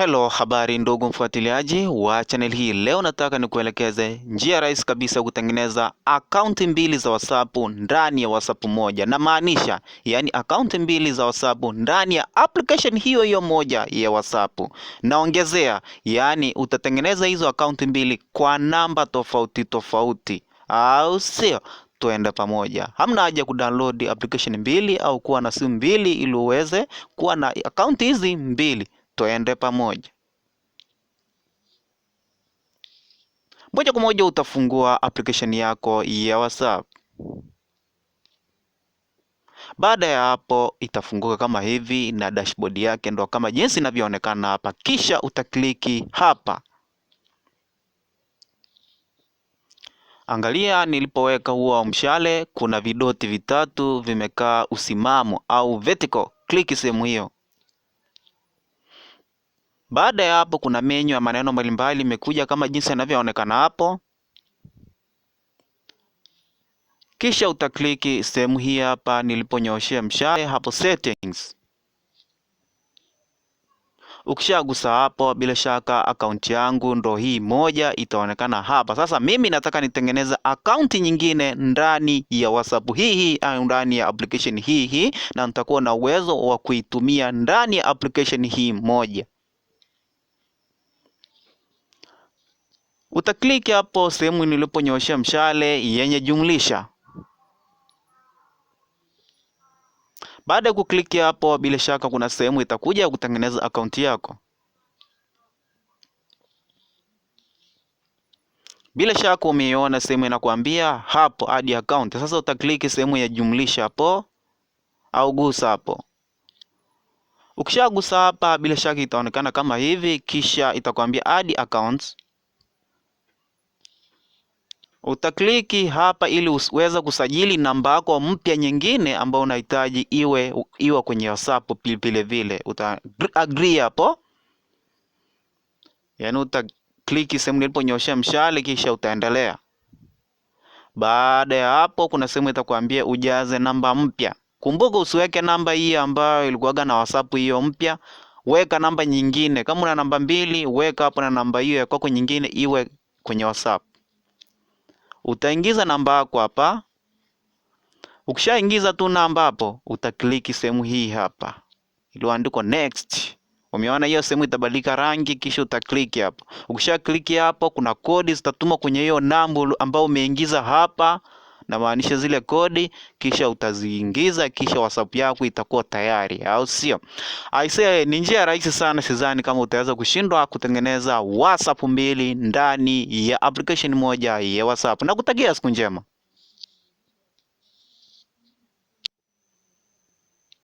Hello, habari ndugu mfuatiliaji wa channel hii. Leo nataka nikuelekeze njia rahisi kabisa kutengeneza akaunti mbili za WhatsApp ndani ya WhatsApp moja, na maanisha yani akaunti mbili za WhatsApp ndani ya application hiyo hiyo moja ya WhatsApp. Naongezea yani utatengeneza hizo akaunti mbili kwa namba tofauti tofauti, au sio? Tuende pamoja. Hamna haja kudownload application mbili au kuwa na simu mbili ili uweze kuwa na akaunti hizi mbili tuende pamoja. Moja kwa moja utafungua application yako ya WhatsApp. Baada ya hapo itafunguka kama hivi na dashboard yake ndo kama jinsi inavyoonekana hapa, kisha utakliki hapa. Angalia nilipoweka huo mshale, kuna vidoti vitatu vimekaa usimamo au vertical. Kliki sehemu hiyo. Baada ya hapo kuna menyu ya maneno mbalimbali imekuja kama jinsi yanavyoonekana hapo. Kisha utakliki sehemu hii hapa niliponyooshea mshale hapo settings. Ukishagusa hapo, bila shaka akaunti yangu ndo hii moja itaonekana hapa. Sasa mimi nataka nitengeneza akaunti nyingine ndani ya WhatsApp hii hii au ndani ya application hii hii, na nitakuwa na uwezo wa kuitumia ndani ya application hii moja. Utakliki hapo sehemu niliponyooshea mshale yenye jumlisha. Baada ya kukliki hapo, bila shaka kuna sehemu itakuja ya kutengeneza akaunti yako. Bila shaka umeiona sehemu inakuambia hapo add account. Sasa utakliki sehemu ya jumlisha hapo au gusa hapo. Ukishagusa hapa, bila shaka itaonekana kama hivi, kisha itakwambia add accounts utakliki hapa ili uweze kusajili namba yako mpya nyingine ambayo unahitaji iwe iwe kwenye WhatsApp vile vile. Uta agree hapo. Yaani utakliki sehemu niliponyooshea mshale kisha utaendelea. Baada ya hapo kuna sehemu itakwambia ujaze namba mpya. Kumbuka usiweke namba hii ambayo ilikuwaga na WhatsApp hiyo mpya. Weka namba nyingine. Kama una namba mbili, weka hapo na namba hiyo ya kwako nyingine iwe kwenye WhatsApp utaingiza namba yako hapa. Ukishaingiza tu namba hapo, utakliki sehemu hii hapa iliyoandikwa next. Umeona hiyo sehemu itabadilika rangi, kisha utakliki hapo. Ukisha kliki hapo, kuna kodi zitatumwa kwenye hiyo namba ambayo umeingiza hapa namaanisha zile kodi, kisha utaziingiza, kisha WhatsApp yako itakuwa tayari, au sio? say ni njia rahisi sana, sidhani kama utaweza kushindwa kutengeneza WhatsApp mbili ndani ya application moja ya WhatsApp. Nakutakia siku njema.